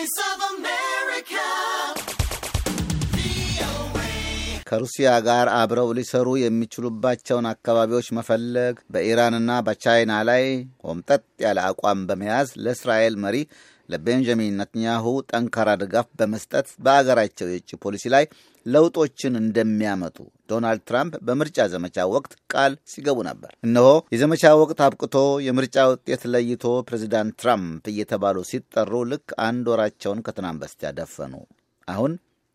Voice of man. ከሩሲያ ጋር አብረው ሊሰሩ የሚችሉባቸውን አካባቢዎች መፈለግ፣ በኢራንና በቻይና ላይ ቆምጠጥ ያለ አቋም በመያዝ ለእስራኤል መሪ ለቤንጃሚን ነትንያሁ ጠንካራ ድጋፍ በመስጠት በአገራቸው የውጭ ፖሊሲ ላይ ለውጦችን እንደሚያመጡ ዶናልድ ትራምፕ በምርጫ ዘመቻ ወቅት ቃል ሲገቡ ነበር። እነሆ የዘመቻ ወቅት አብቅቶ የምርጫ ውጤት ለይቶ ፕሬዚዳንት ትራምፕ እየተባሉ ሲጠሩ ልክ አንድ ወራቸውን ከትናንት በስቲያ ደፈኑ። አሁን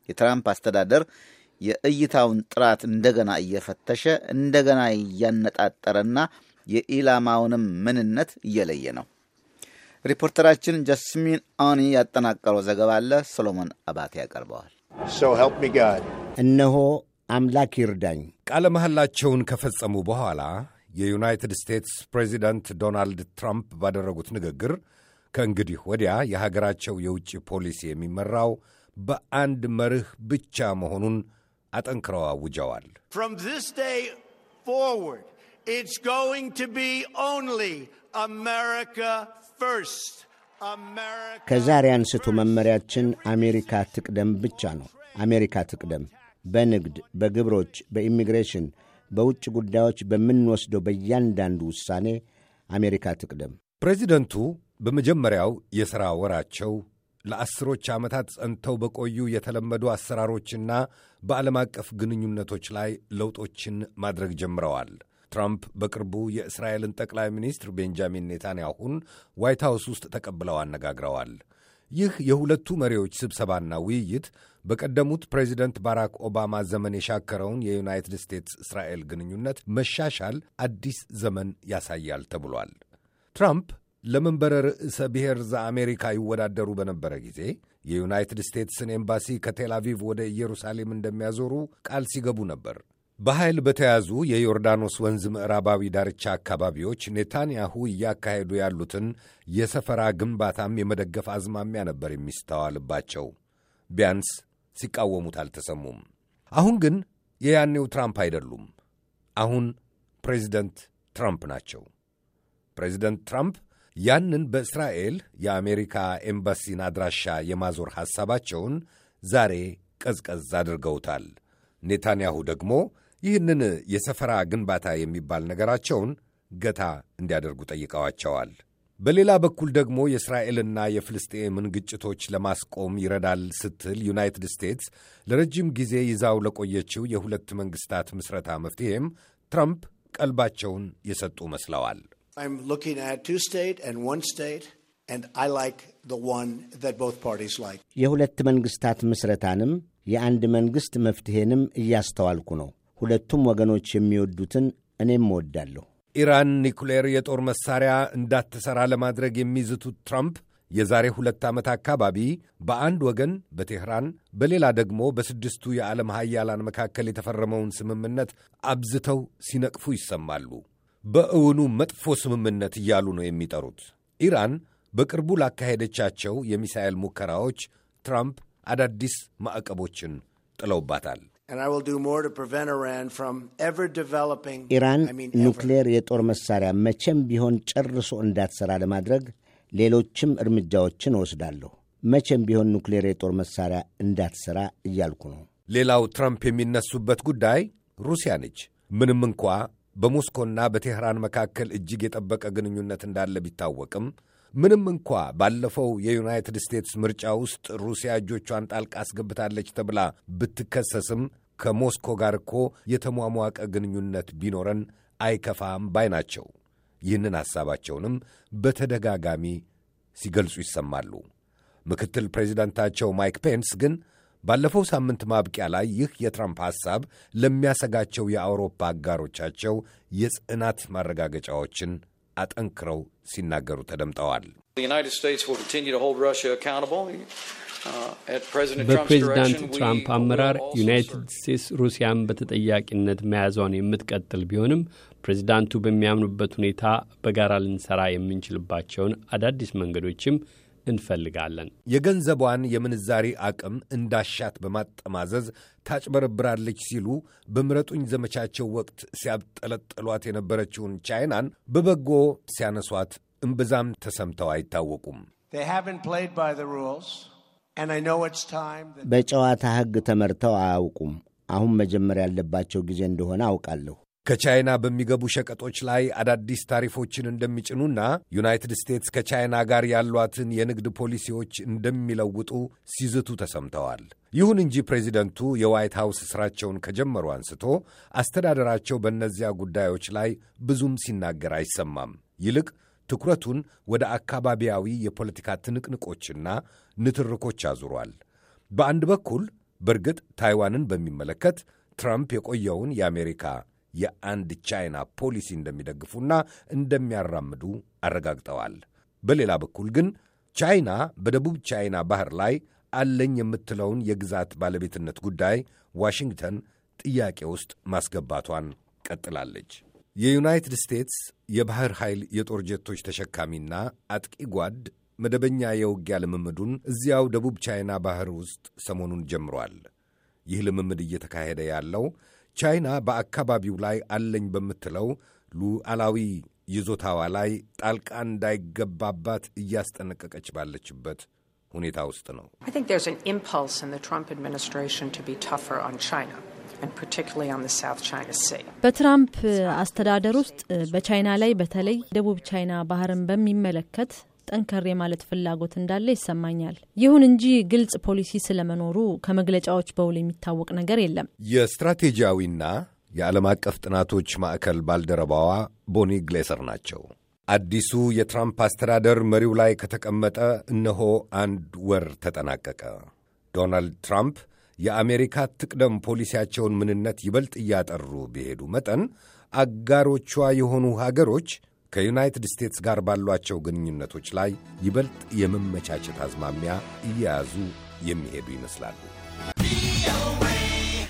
የትራምፕ አስተዳደር የእይታውን ጥራት እንደገና እየፈተሸ እንደገና እያነጣጠረና የኢላማውንም ምንነት እየለየ ነው። ሪፖርተራችን ጃስሚን አኒ ያጠናቀረው ዘገባ አለ። ሶሎሞን አባቴ ያቀርበዋል። እነሆ አምላክ ይርዳኝ። ቃለ መሐላቸውን ከፈጸሙ በኋላ የዩናይትድ ስቴትስ ፕሬዚደንት ዶናልድ ትራምፕ ባደረጉት ንግግር ከእንግዲህ ወዲያ የሀገራቸው የውጭ ፖሊሲ የሚመራው በአንድ መርህ ብቻ መሆኑን አጠንክረው አውጀዋል። ከዛሬ አንስቶ መመሪያችን አሜሪካ ትቅደም ብቻ ነው። አሜሪካ ትቅደም። በንግድ፣ በግብሮች፣ በኢሚግሬሽን፣ በውጭ ጉዳዮች በምንወስደው በእያንዳንዱ ውሳኔ አሜሪካ ትቅደም። ፕሬዚደንቱ በመጀመሪያው የሥራ ወራቸው ለአስሮች ዓመታት ጸንተው በቆዩ የተለመዱ አሰራሮችና በዓለም አቀፍ ግንኙነቶች ላይ ለውጦችን ማድረግ ጀምረዋል። ትራምፕ በቅርቡ የእስራኤልን ጠቅላይ ሚኒስትር ቤንጃሚን ኔታንያሁን ዋይት ሃውስ ውስጥ ተቀብለው አነጋግረዋል። ይህ የሁለቱ መሪዎች ስብሰባና ውይይት በቀደሙት ፕሬዚደንት ባራክ ኦባማ ዘመን የሻከረውን የዩናይትድ ስቴትስ እስራኤል ግንኙነት መሻሻል አዲስ ዘመን ያሳያል ተብሏል። ትራምፕ ለመንበረ ርዕሰ ብሔር ዘአሜሪካ ይወዳደሩ በነበረ ጊዜ የዩናይትድ ስቴትስን ኤምባሲ ከቴልአቪቭ ወደ ኢየሩሳሌም እንደሚያዞሩ ቃል ሲገቡ ነበር። በኃይል በተያዙ የዮርዳኖስ ወንዝ ምዕራባዊ ዳርቻ አካባቢዎች ኔታንያሁ እያካሄዱ ያሉትን የሰፈራ ግንባታም የመደገፍ አዝማሚያ ነበር የሚስተዋልባቸው። ቢያንስ ሲቃወሙት አልተሰሙም። አሁን ግን የያኔው ትራምፕ አይደሉም። አሁን ፕሬዚደንት ትራምፕ ናቸው። ፕሬዚደንት ትራምፕ ያንን በእስራኤል የአሜሪካ ኤምባሲን አድራሻ የማዞር ሐሳባቸውን ዛሬ ቀዝቀዝ አድርገውታል። ኔታንያሁ ደግሞ ይህንን የሰፈራ ግንባታ የሚባል ነገራቸውን ገታ እንዲያደርጉ ጠይቀዋቸዋል። በሌላ በኩል ደግሞ የእስራኤልና የፍልስጤምን ግጭቶች ለማስቆም ይረዳል ስትል ዩናይትድ ስቴትስ ለረጅም ጊዜ ይዛው ለቆየችው የሁለት መንግሥታት ምስረታ መፍትሔም ትራምፕ ቀልባቸውን የሰጡ መስለዋል። I'm looking at two state and one state, and I like the one that both parties like. የሁለት መንግስታት ምስረታንም የአንድ መንግስት መፍትሄንም እያስተዋልኩ ነው። ሁለቱም ወገኖች የሚወዱትን እኔም እወዳለሁ። ኢራን ኒኩሌር የጦር መሳሪያ እንዳትሠራ ለማድረግ የሚዝቱት ትራምፕ የዛሬ ሁለት ዓመት አካባቢ በአንድ ወገን በቴህራን በሌላ ደግሞ በስድስቱ የዓለም ሀያላን መካከል የተፈረመውን ስምምነት አብዝተው ሲነቅፉ ይሰማሉ። በእውኑ መጥፎ ስምምነት እያሉ ነው የሚጠሩት። ኢራን በቅርቡ ላካሄደቻቸው የሚሳኤል ሙከራዎች ትራምፕ አዳዲስ ማዕቀቦችን ጥለውባታል። ኢራን ኑክሌር የጦር መሳሪያ መቼም ቢሆን ጨርሶ እንዳትሠራ ለማድረግ ሌሎችም እርምጃዎችን እወስዳለሁ። መቼም ቢሆን ኑክሌር የጦር መሳሪያ እንዳትሠራ እያልኩ ነው። ሌላው ትራምፕ የሚነሱበት ጉዳይ ሩሲያ ነች። ምንም እንኳ በሞስኮና በቴህራን መካከል እጅግ የጠበቀ ግንኙነት እንዳለ ቢታወቅም ምንም እንኳ ባለፈው የዩናይትድ ስቴትስ ምርጫ ውስጥ ሩሲያ እጆቿን ጣልቃ አስገብታለች ተብላ ብትከሰስም ከሞስኮ ጋር እኮ የተሟሟቀ ግንኙነት ቢኖረን አይከፋም ባይ ናቸው። ይህንን ሐሳባቸውንም በተደጋጋሚ ሲገልጹ ይሰማሉ። ምክትል ፕሬዚዳንታቸው ማይክ ፔንስ ግን ባለፈው ሳምንት ማብቂያ ላይ ይህ የትራምፕ ሐሳብ ለሚያሰጋቸው የአውሮፓ አጋሮቻቸው የጽዕናት ማረጋገጫዎችን አጠንክረው ሲናገሩ ተደምጠዋል። uh, በፕሬዚዳንት ትራምፕ አመራር ዩናይትድ ስቴትስ ሩሲያን በተጠያቂነት መያዟን የምትቀጥል ቢሆንም ፕሬዚዳንቱ በሚያምኑበት ሁኔታ በጋራ ልንሰራ የምንችልባቸውን አዳዲስ መንገዶችም እንፈልጋለን። የገንዘቧን የምንዛሪ አቅም እንዳሻት በማጠማዘዝ ታጭበረብራለች ሲሉ በምረጡኝ ዘመቻቸው ወቅት ሲያብጠለጠሏት የነበረችውን ቻይናን በበጎ ሲያነሷት እምብዛም ተሰምተው አይታወቁም። በጨዋታ ሕግ ተመርተው አያውቁም። አሁን መጀመር ያለባቸው ጊዜ እንደሆነ አውቃለሁ። ከቻይና በሚገቡ ሸቀጦች ላይ አዳዲስ ታሪፎችን እንደሚጭኑና ዩናይትድ ስቴትስ ከቻይና ጋር ያሏትን የንግድ ፖሊሲዎች እንደሚለውጡ ሲዝቱ ተሰምተዋል። ይሁን እንጂ ፕሬዚደንቱ የዋይት ሃውስ ስራቸውን ከጀመሩ አንስቶ አስተዳደራቸው በእነዚያ ጉዳዮች ላይ ብዙም ሲናገር አይሰማም። ይልቅ ትኩረቱን ወደ አካባቢያዊ የፖለቲካ ትንቅንቆችና ንትርኮች አዙሯል። በአንድ በኩል በእርግጥ ታይዋንን በሚመለከት ትራምፕ የቆየውን የአሜሪካ የአንድ ቻይና ፖሊሲ እንደሚደግፉና እንደሚያራምዱ አረጋግጠዋል። በሌላ በኩል ግን ቻይና በደቡብ ቻይና ባህር ላይ አለኝ የምትለውን የግዛት ባለቤትነት ጉዳይ ዋሽንግተን ጥያቄ ውስጥ ማስገባቷን ቀጥላለች። የዩናይትድ ስቴትስ የባህር ኃይል የጦር ጀቶች ተሸካሚና አጥቂ ጓድ መደበኛ የውጊያ ልምምዱን እዚያው ደቡብ ቻይና ባህር ውስጥ ሰሞኑን ጀምሯል። ይህ ልምምድ እየተካሄደ ያለው ቻይና በአካባቢው ላይ አለኝ በምትለው ሉዓላዊ ይዞታዋ ላይ ጣልቃ እንዳይገባባት እያስጠነቀቀች ባለችበት ሁኔታ ውስጥ ነው። በትራምፕ አስተዳደር ውስጥ በቻይና ላይ በተለይ ደቡብ ቻይና ባህርን በሚመለከት ጠንከር የማለት ፍላጎት እንዳለ ይሰማኛል። ይሁን እንጂ ግልጽ ፖሊሲ ስለመኖሩ ከመግለጫዎች በውል የሚታወቅ ነገር የለም። የስትራቴጂያዊና የዓለም አቀፍ ጥናቶች ማዕከል ባልደረባዋ ቦኒ ግሌሰር ናቸው። አዲሱ የትራምፕ አስተዳደር መሪው ላይ ከተቀመጠ እነሆ አንድ ወር ተጠናቀቀ። ዶናልድ ትራምፕ የአሜሪካ ትቅደም ፖሊሲያቸውን ምንነት ይበልጥ እያጠሩ ቢሄዱ መጠን አጋሮቿ የሆኑ ሀገሮች ከዩናይትድ ስቴትስ ጋር ባሏቸው ግንኙነቶች ላይ ይበልጥ የመመቻቸት አዝማሚያ እየያዙ የሚሄዱ ይመስላሉ።